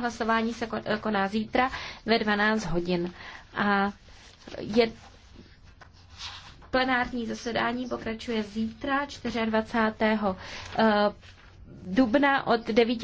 Hlasování se koná zítra ve 12 hodin. A je plenární zasedání pokračuje zítra 24. Eh, dubna od 9.